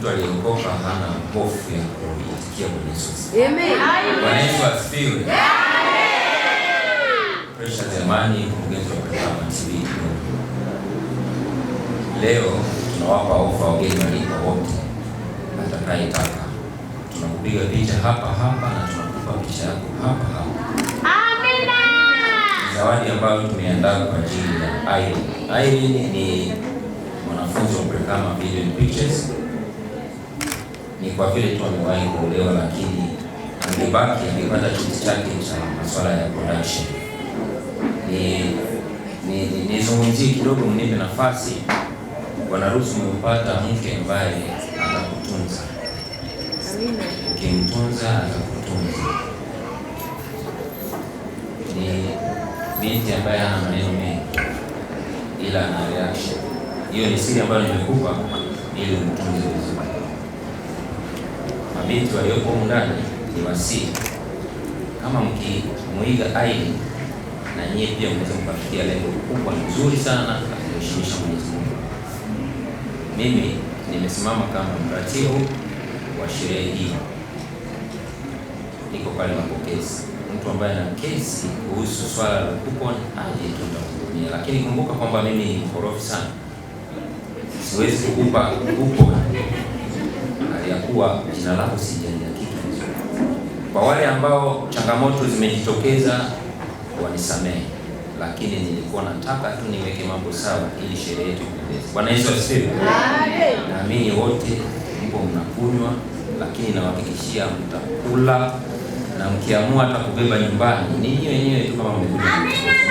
mtu aliyeokoka hana hofu ya kuitikia Bwana Yesu. Bwana Yesu asifiwe. Presha Temani, mkurugenzi wa Perikama TV. Leo tunawapa ofa wageni walika wote atakayetaka. Tunakupiga picha hapa hapa na tunakupa picha yako hapa hapa. Amina. Zawadi ambayo tumeandaa kwa ajili ya Irene. Irene ni mwanafunzi wa Perikama Video Pictures ni kwa vile tu amewahi kuolewa, lakini angebaki angepata cheti chake cha masuala ya production. Nizungumzie ni, ni kidogo, mnipe nafasi. Wanaruhusu Rusu, umepata mke ambaye atakutunza, ukimtunza atakutunza. Ni binti ambaye ana maneno mengi, ila ana reaction. Hiyo ni siri ambayo nimekupa ili umtunze vizuri mabinti waliopo ndani ni wasii, kama mkimuiga Aini na nyie pia mnaweza kufikia lengo kubwa nzuri sana na kumheshimisha Mwenyezi Mungu. Mimi nimesimama kama mratibu wa sherehe hii, niko pale mapokezi. Mtu ambaye ana kesi kuhusu swala la kupona aje tu nitamhudumia, lakini kumbuka kwamba mimi ni mkorofi sana, siwezi kukupa kupona kuwa jina lako si janja. Kwa wale ambao changamoto zimejitokeza wanisamehe, lakini nilikuwa nataka tu niweke mambo sawa ili sherehe yetu ipendeze. Bwana Yesu asifiwe. Naamini wote mpo mnakunywa, lakini nawahakikishia mtakula na mkiamua hata kubeba nyumbani ninyi wenyewe tu kama mmekuja